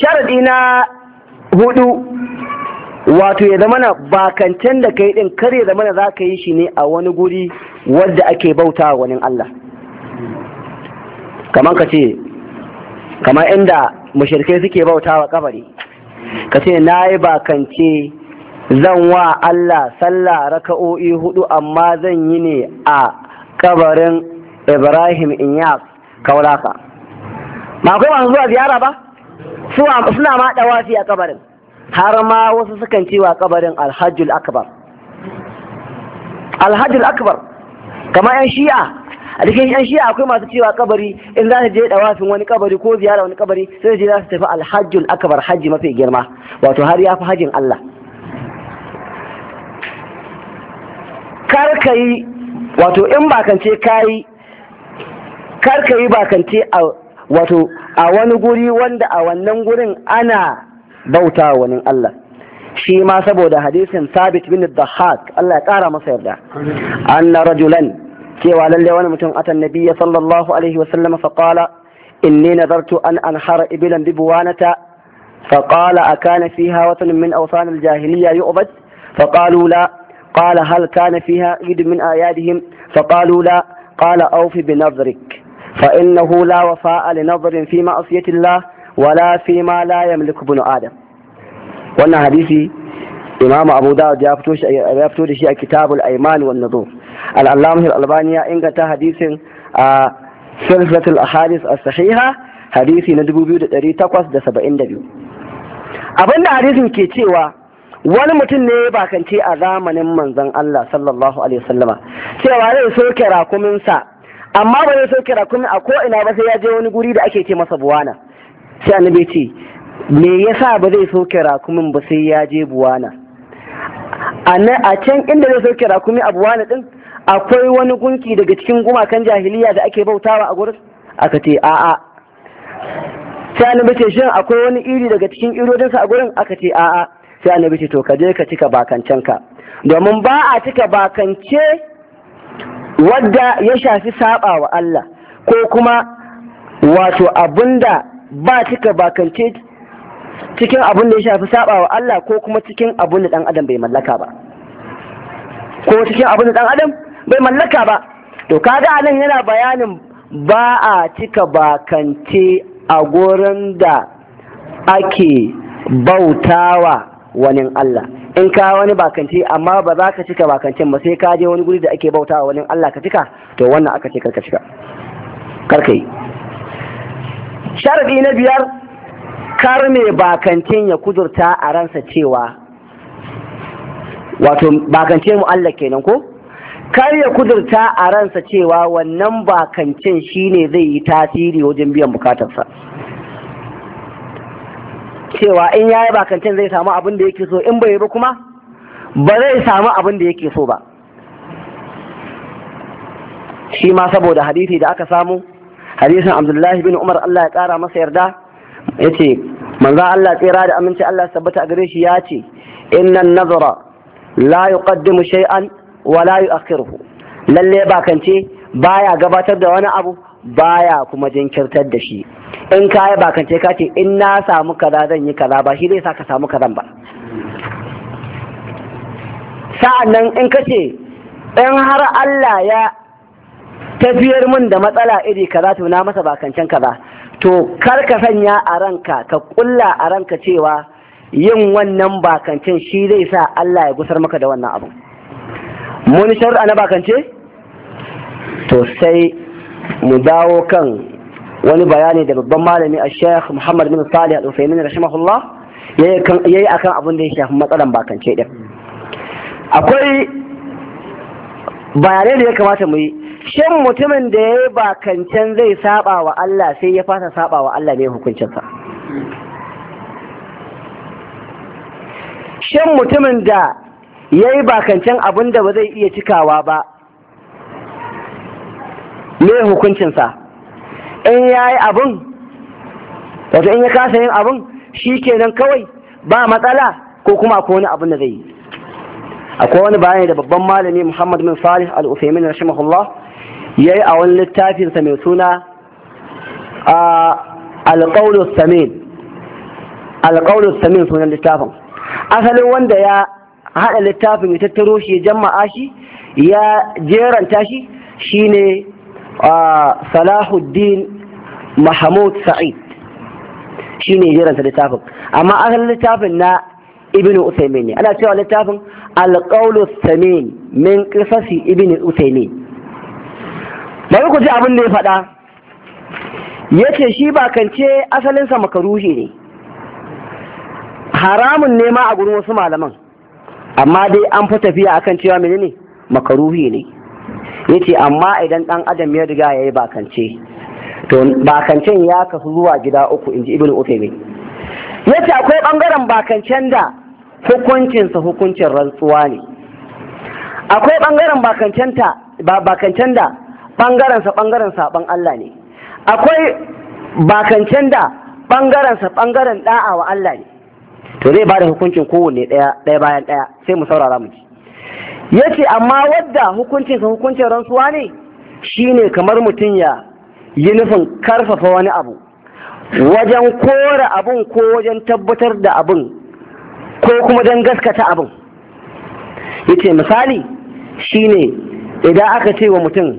sharadi na hudu wato ya zamana bakancen da kai din kar ya zamana za ka yi shi ne a wani guri wadda ake bauta wa wani Allah kamar ka ce kamar inda mushirkai suke bauta wa kabari ka ce na yi bakance zan wa Allah sallah raka'o'i hudu amma zan yi ne a kabarin Ibrahim Inyas kaulaka ba akwai masu zuwa ziyara ba suna ma dawafi a kabarin har ma wasu sukan cewa kabarin alhajjul akbar alhajjul akbar kamar yan shi'a a cikin yan shi'a akwai masu cewa kabari in za su je da wafin wani kabari ko ziyara wani kabari sai je za su tafi alhajjul akbar haji mafi girma wato har ya fi hajjin Allah kar wato in bakance ka yi kar yi bakance a wato a wani guri wanda a wannan gurin ana bauta wani Allah shi ma saboda hadisin sabit bin dhahak Allah ya kara masa yarda anna rajulan كيف على اللوان متنقة النبي صلى الله عليه وسلم فقال إني نذرت أن أنحر إبلا ببوانة فقال أكان فيها وطن من أوصان الجاهلية يؤبد فقالوا لا قال هل كان فيها عيد من آياتهم فقالوا لا قال أوف بنظرك فإنه لا وفاء لنظر في معصية الله ولا فيما لا يملك ابن آدم وانا حديثي إمام أبو داود يفتوش كتاب الأيمان والنظور al al-albani ya inganta hadisin a silsilatul ahadith a sahiha hadisi na 2872 abinda hadisin ke cewa wani mutum ne ya bakance a zamanin manzon Allah sallallahu alaihi wasallama cewa zai kira rakuminsa amma ba zai so kira kumin a ina ba sai ya je wani guri da ake ce masa buwana sai annabi ce me yasa ba zai so kira kumin ba sai ya je buwana a can inda zai so kira rakumi a buwana din akwai wani gunki daga cikin gumakan jahiliya da ake bautawa a gurin aka ce a'a sai annabi ce shin akwai wani iri daga cikin irodinsa a gurin aka ce a'a sai annabi ce to ka je ka cika bakancenka domin ba a cika bakance wadda ya shafi saba wa Allah ko kuma wato abinda ba cika bakance cikin abin da ya shafi saba wa Allah ko kuma cikin abin da dan adam bai mallaka ba ko cikin abin da dan adam bai mallaka ba to kaga anan yana bayanin ba a cika bakance a gurin da ake bautawa wani Allah in ka wani bakance amma ba za ka cika bakancin ba sai ka je wani guri da ake bautawa wani Allah ka cika to wannan aka ce karka cika karka yi sharadi na biyar kar me bakancin ya kudurta a ransa cewa wato bakancin mu Allah kenan ko kar ya kudurta a ransa cewa wannan bakancin shine zai yi tasiri wajen biyan bukatarsa cewa in ya yi bakancin zai samu abin da yake so in bai ba kuma ba zai samu abin da yake so ba shi ma saboda hadisi da aka samu hadisin abdullahi bin umar allah ya kara masa yarda ya ce manzan allah tsira da aminci allah sabbata a gare shi ya ce inna nazara la yuqaddimu shay'an wala yu'akhiruhu lalle bakance baya gabatar da wani abu baya kuma jinkirtar da shi in ka yi bakance ka ce in na samu kaza zan yi kaza ba shi zai sa ka samu kazan ba sa'an nan in ka ce in har Allah ya tafiyar min da matsala iri kaza to na masa bakancen kaza to kar ka sanya a ranka ka kulla a ranka cewa yin wannan bakancin shi zai sa Allah ya gusar maka da wannan abu muni sharuɗa na bakance to sai mu dawo kan wani bayani da babban malami a sheikh muhammad bin salih al-usaimin rashimahullah ya yi akan abin da ya shafi matsalan bakance din akwai bayanai da ya kamata mu yi shin mutumin da ya yi bakancen zai saba wa Allah sai ya fasa saba wa Allah ne hukuncinsa shin mutumin da ya yi bakancen abin da ba zai iya cikawa ba me hukuncinsa in ya yi abin wato in ya kasa yin abin shi kenan kawai ba matsala ko kuma akwai wani abin da zai yi akwai wani bayani da babban malami muhammad bin salih al-usaimin rahimahullah ya yi a wani littafinsa mai suna alƙaunar samin alƙaunar samin sunan littafin asalin wanda ya haɗa littafin ya tattaro shi ya jama'a shi ya jeranta shi shine Salahuddin Mahmud Sa'id shine jeranta littafin amma asalin littafin na Ibn Uthaymin ne ana cewa littafin Al-Qawlu Thamin min qisasi Ibn ne. bari ku ji abin da ya faɗa Ya ce shi ba kance asalinsa makaruhi ne haramun nema a gurin wasu malaman amma dai an fi tafiya akan cewa menene makaruhi ne yace amma idan dan adam ya riga yayi bakance to bakancen ya kasu zuwa gida uku inji ibn Ya yace akwai bangaren bakancen da hukuncinsa hukuncin rantsuwa ne akwai bangaren bakancen ta ba bakancen da bangarensa bangaren saban Allah ne akwai bakancen da ɓangaren bangaren da'a wa Allah ne to zai ba da hukuncin kowanne ɗaya ɗaya bayan ɗaya sai mu saurara mu ji ya ce amma wadda hukuncin sa hukuncin rantsuwa ne shine kamar mutum ya yi nufin karfafa wani abu wajen kore abun ko wajen tabbatar da abun ko kuma don gaskata abun ya ce misali shine idan aka ce wa mutum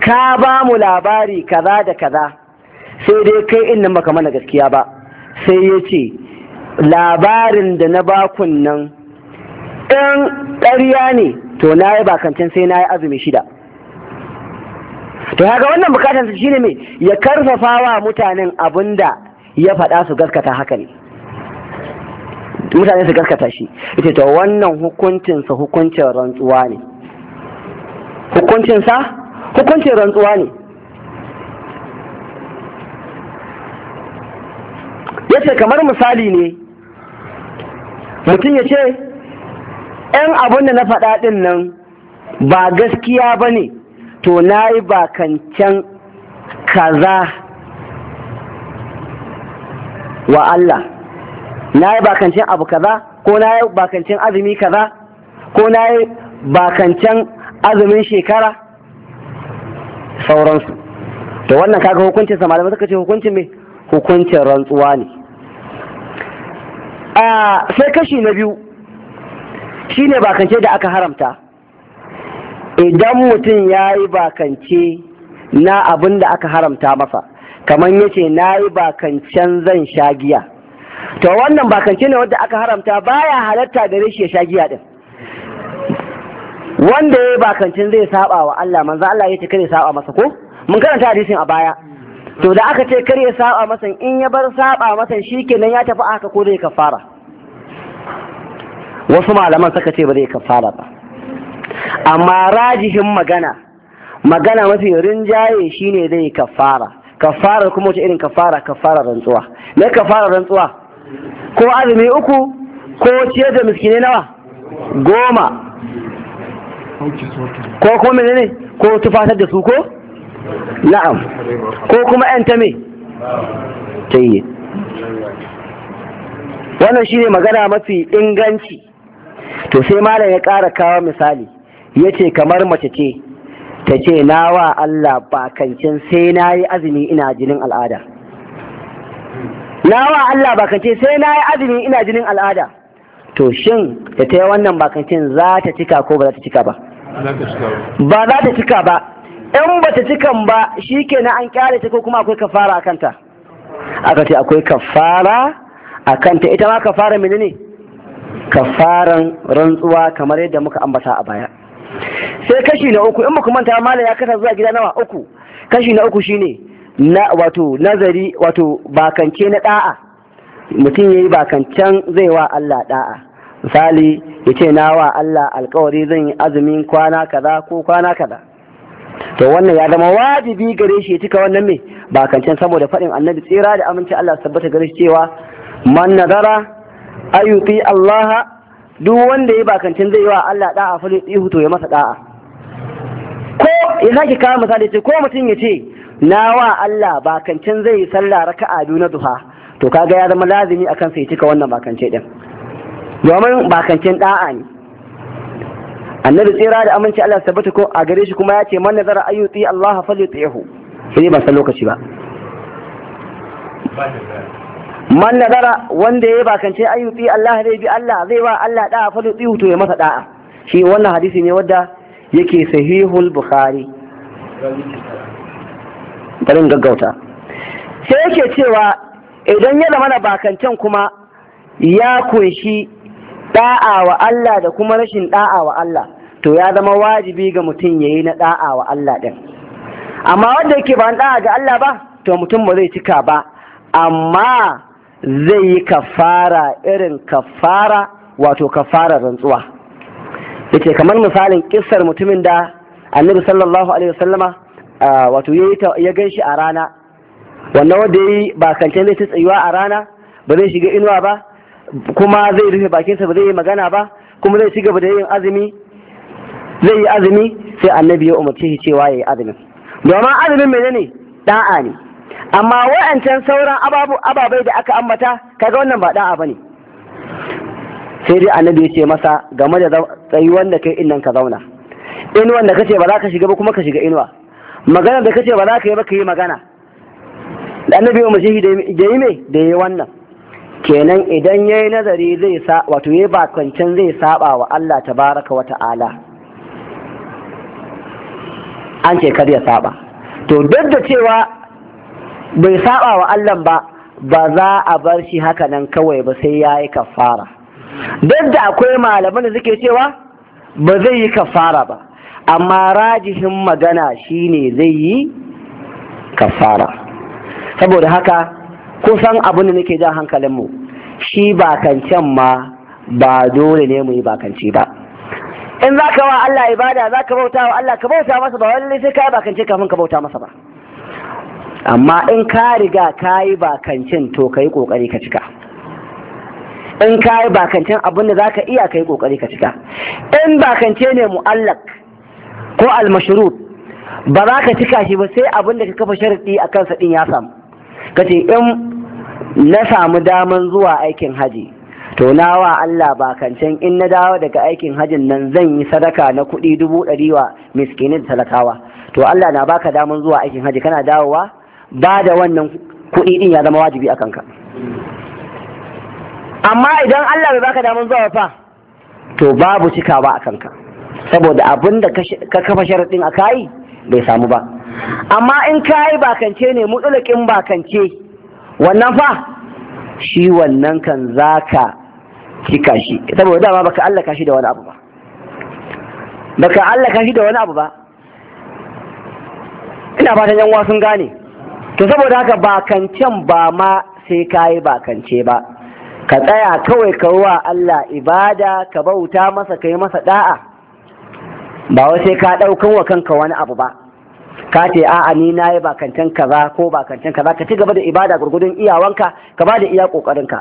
ka ba mu labari kaza da kaza sai dai kai in nan baka mana gaskiya ba sai ya ce labarin da na bakun nan in ƙarya ne to na yi bakancan sai na yi azumi shida to haka wannan bukatar shi ne mai ya karfafa wa mutanen abin da ya faɗa su gaskata haka ne mutane su gaskata shi ita to wannan hukuncinsa hukuncin rantsuwa ne hukuncinsa hukuncin rantsuwa ne yace kamar misali ne mutum ya ce ‘yan abin da na faɗa ɗin nan ba gaskiya ba ne to na yi bakancan kaza wa Allah na yi bakancin abu kaza ko na yi bakancin azumi kaza ko na yi bakancin azumin shekara sauransu to wannan kaga hukuncin samari suka ce hukuncin me hukuncin rantsuwa ne sai kashi na biyu shine bakance da aka haramta idan mutum ya yi bakance na abin da aka haramta masa kamar ya ce na yi bakancen zan sha giya to wannan bakance ne wanda aka haramta baya halatta gare shi ya sha giya din wanda ya yi bakancin zai saba wa Allah manzo Allah ya ce kada saba masa ko mun karanta hadisin a baya to da aka ce kar ya saba masa in ya bar saba masa shikenan ya tafi aka ko zai kafara wasu malaman suka ce ba zai kafara ba amma rajihin magana magana mafi rinjaye shine zai kafara kafara kuma wace irin kafara kafara rantsuwa me kafara rantsuwa ko azumi uku ko ciyar da miskine nawa goma ko ko menene ko tufatar da su ko na'am ko kuma yan ta me Ta tayyib wannan shi ne magana mafi inganci to sai malam ya ƙara kawo misali ya ce kamar mace ce ta ce na wa Allah bakancin sai na yi azumi ina jinin al'ada na wa Allah bakance sai na yi azumi ina jinin al'ada to shin da ta yi wannan bakancin za ta cika ko ba za ta cika ba ba za ta cika ba in bata cikan ba shi ke na an kyale ta ko kuma akwai kafara a kanta aka ce akwai kafara a kanta ita ma kafara mini ne kafaran rantsuwa kamar yadda muka ambata a baya sai kashi na uku in muka manta mala ya kasa zuwa gida nawa uku kashi na uku shine na wato nazari wato bakance na da'a mutum yayi bakancan zai wa Allah da'a misali ce na wa Allah alkawari zan yi azumin kwana kaza ko kwana kaza to wannan ya zama wajibi gare shi ya cika wannan me ba kancan saboda faɗin annabi tsira da aminci Allah tabbata gare shi cewa man nazara ayuti Allah duk wanda ya bakancin zai yi wa Allah da'a fa zai to ya masa da'a ko ya sake kawo misali ce ko mutum ya ce na wa Allah bakancin zai yi sallah raka'a biyu na duha to kaga ya zama lazimi akan sai ya cika wannan bakance din domin bakancin da'a ne annabi tsira da aminci Allah tabbata ko a gare shi kuma ya ce man nazara ayyuti Allah falyutihu sai ba san lokaci ba man nazara wanda ya kance ayyuti Allah zai bi Allah zai wa Allah da'a falyutihu to ya masa da'a shi wannan hadisi ne wanda yake sahihul bukhari bari gaggauta sai yake cewa idan ya zama na bakancan kuma ya kunshi da'a wa Allah da kuma rashin da'a wa Allah to ya zama wajibi ga mutum ya yi na da'a wa Allah ɗin. amma wanda yake ba da'a ga Allah ba to mutum ba zai cika ba amma zai yi kafara irin kafara wato kafara rantsuwa yace kamar misalin kissar mutumin da annabi sallallahu alaihi wasallama wato ya gan shi a rana wannan wanda yayi ba kance ne ta tsayuwa a rana ba zai shiga inuwa ba kuma zai rufe bakinsa ba zai yi magana ba kuma zai ci gaba da yin azumi zai yi azumi sai annabi ya umarce shi cewa ya yi azumin domin azumin ne da'a ne amma wa'ancan sauran ababai da aka ambata kaga wannan ba da'a ba ne sai dai annabi ya ce masa game da tsayuwan da kai innan ka zauna inuwan da kace ba za ka shiga ba kuma ka shiga inuwa magana da kace ba za ka yi ba ka yi magana da annabi ya umarce shi da yi me da yi wannan kenan idan ya yi nazari zai sa wato ya bakwancin zai saba wa Allah baraka wa ta'ala an ce kar ya saba to duk da cewa bai saba wa Allah ba ba za a bar shi haka nan kawai ba sai ya yi kafara duk da akwai malaman da suke cewa ba zai yi kafara ba amma rajihin magana shine zai yi kafara saboda haka kusan abin da nake jan hankalinmu shi bakancen ma ba dole ne mu yi bakanci ba in za ka wa Allah ibada za ka bauta wa Allah ka bauta masa ba wani sai ka yi bakance kafin ka bauta masa ba amma in ka riga ka yi bakancin to ka yi ƙoƙari ka cika in ka yi bakancin abin da za ka iya ka yi ƙoƙari ka cika in bakance ne mu'allak ko almashrut ba za ka cika shi ba sai abin da ka kafa sharadi a kansa ɗin ya samu kace in na samu daman zuwa aikin haji to nawa Allah kancan in na dawo daga aikin hajin nan zan yi sadaka na kuɗi dubu ɗari wa miskinin talakawa to Allah na baka daman zuwa aikin haji kana dawowa ba da wannan kuɗi din ya zama wajibi a kanka amma idan Allah bai baka daman zuwa fa to babu cikawa a kanka saboda abin da ka kafa sharaɗin a kayi bai samu ba amma in kayi bakance ne mutulakin bakance wannan fa shi wannan kan zaka cika shi saboda dama baka allaka shi da wani abu ba baka allaka shi da wani abu ba ina fatan yan sun gane to saboda haka bakancen ba ma sai kayi bakance ba ka tsaya kawai ka wa Allah ibada ka bauta masa ka yi masa da'a ba wai sai ka ɗaukan wa kanka wani abu ba ka ce a'a ni na yi bakancan kaza ko bakancan kaza ka ci gaba da ibada gurgudun iyawanka ka ba da iya kokarinka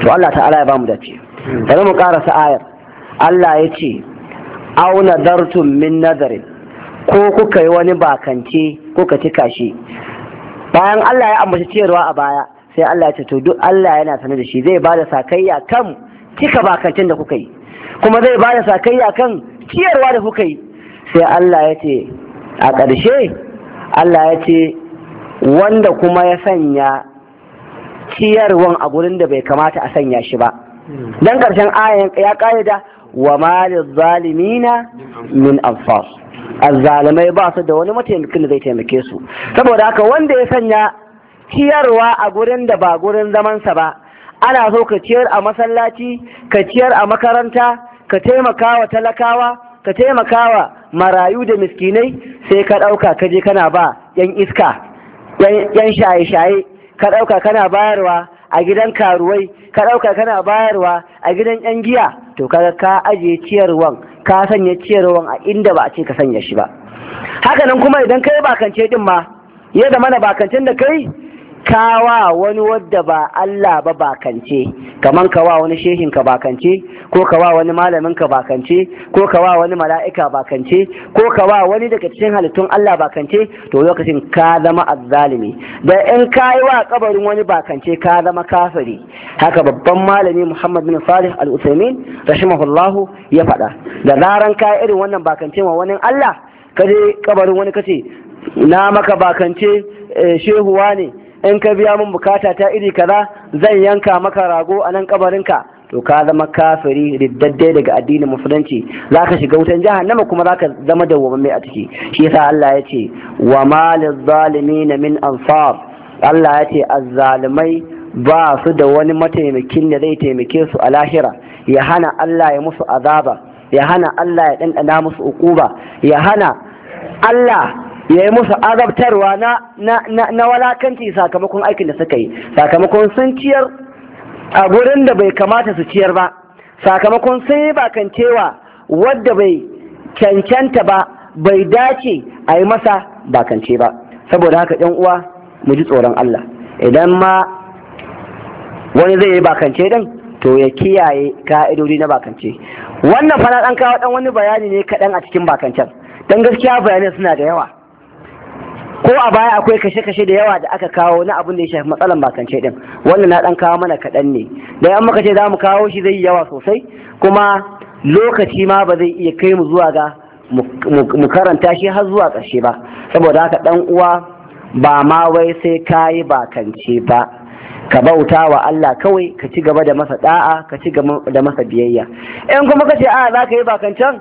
to Allah ta'ala ya bamu dace bari mu karasa ayar Allah ya ce aw nadartum min nadari ko kuka yi wani bakance ko ka cika shi bayan Allah ya ambaci ciyarwa a baya sai Allah ya ce to duk Allah yana sanar da shi zai ba da sakayya kan cika bakancin da kuka yi kuma zai ba da sakayya kan ciyarwa da kuka yi sai Allah ya ce a ƙarshe Allah ya ce wanda kuma ya sanya ciyarwan a gurin da bai kamata a sanya shi ba don ƙarshen ayan ya ƙa'ida wa malin zalimina min amfas azzalimai ba su da wani mataimakin da zai taimake su saboda haka wanda ya sanya ciyarwa a gurin da ba gurin zamansa ba ana so ka ciyar a masallaci ka ciyar a makaranta ka taimakawa talakawa ka taimakawa. marayu da miskinai sai ka ɗauka ka je kana ba yan iska yan shaye-shaye ka ɗauka kana bayarwa a gidan karuwai ka ɗauka kana bayarwa a gidan yan giya to kaga ka ajiye ciyarwan ka sanya ciyarwan a inda ba a ce ka sanya shi ba haka nan kuma idan kai bakance din ma yadda mana bakancin da kai kawa wani wadda ba Allah ba bakance kaman kawa wani shehin ka bakance ko kawa wani malamin ka bakance ko kawa wani mala'ika bakance ko kawa wani daga cikin halittun Allah bakance to lokacin ka zama azzalimi da in kayi wa kabarin wani bakance ka zama kafiri haka babban malami Muhammad bin Salih al-Utsaimin rahimahullahu ya faɗa da zaran kayi irin wannan bakance wa wani Allah kaje kabarin wani kace na maka bakance eh, shehuwa ne in ka biya min bukata ta iri kaza zan yanka maka rago a nan kabarinka to ka zama kafiri riddadde daga addinin musulunci za ka shiga wutan jahannama kuma za ka zama da a ciki shi yasa Allah ya ce wa malil zalimin min ansar Allah ya ce azzalimai ba su da wani mataimakin da zai taimake su a lahira ya hana Allah ya musu azaba ya hana Allah ya ɗanɗana musu ukuba ya hana Allah ya yi musu azabtarwa na walakanci sakamakon aikin da suka yi sakamakon sun ciyar a gurin da bai kamata su ciyar ba sakamakon sun yi bakancewa wadda bai cancanta ba bai dace a yi masa bakance ba saboda haka yan uwa mu ji tsoron Allah idan ma wani zai yi bakance din to ya kiyaye ka'idodi na bakance wannan fana ɗan kawo ɗan wani bayani ne kaɗan a cikin bakancen dan gaskiya bayanai suna da yawa ko a baya akwai kashe-kashe da yawa da aka kawo na abin da ya shafi matsalan bakance din wannan na dan kawo mana kaɗan ne da yan muka ce za mu kawo shi zai yi yawa sosai kuma lokaci ma ba zai iya kai mu zuwa ga mu karanta shi har zuwa ƙarshe ba saboda haka dan uwa ba ma wai sai kayi bakance ba ka bauta wa Allah kawai ka ci gaba da masa da'a ka ci gaba da masa biyayya in kuma ce a za ka yi bakancan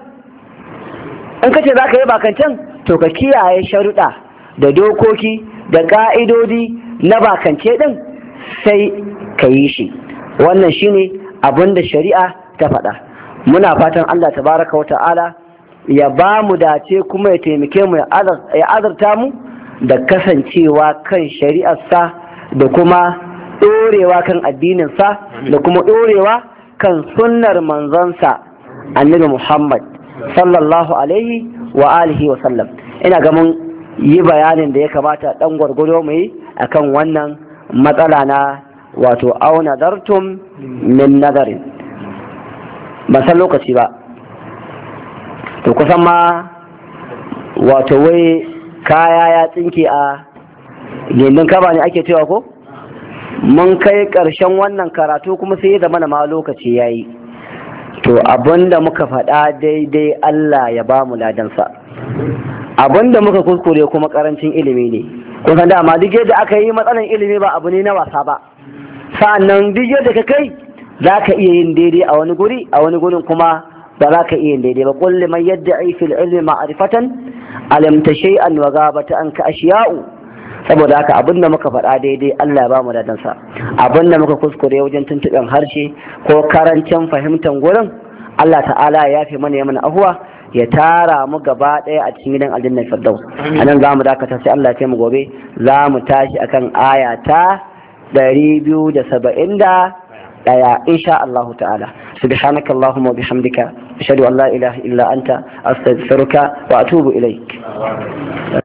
in ce za ka yi bakancan to ka kiyaye sharuɗa da dokoki da ƙa'idodi na bakance ɗin sai ka yi shi wannan shine abin da shari'a ta faɗa muna fatan Allah tabaraka wa ta'ala ya ba mu dace kuma ya taimake mu ya azarta mu da kasancewa kan shari'arsa da kuma ɗorewa kan addininsa da kuma ɗorewa kan sunnar manzansa annabi Muhammad sallallahu alaihi wa alihi wa sallam ina ga yi bayanin da ya kamata ɗan gwargwado mu yi kan wannan matsala na wato au nadartum min nazarin ban san lokaci ba to kusan ma wato wai kaya ya tsinke a gindin kaba ne ake cewa ko mun kai ƙarshen wannan karatu kuma sai ya zama ma lokaci ya yi to abinda muka faɗa daidai Allah ya ba mu ladansa abinda muka kuskure kuma karancin ilimi ne kun dama duk yadda aka yi matsalan ilimi ba abu ne na wasa ba sa'annan duk yadda ka kai za ka iya yin daidai a wani guri a wani gurin kuma ba za ka iya yin daidai ba kulli man yadda'i fil ilmi ma'rifatan alam ta shay'an wa ghabata anka ashiya'u saboda haka abinda muka faɗa daidai Allah ya ba mu dadan sa abinda muka kuskure wajen tuntuɓen harshe ko karancin fahimtar gurin Allah ta'ala ya yafe mana ya mana ahuwa ya tara mu gaba ɗaya a cikin gidan aljanna a nan za mu dakata sai Allah ya mu gobe za mu tashi akan aya ta biyu da daya insha Allah ta'ala subhanaka allahumma bihamdika ashhadu an la ilaha illa anta astaghfiruka wa atubu ilaik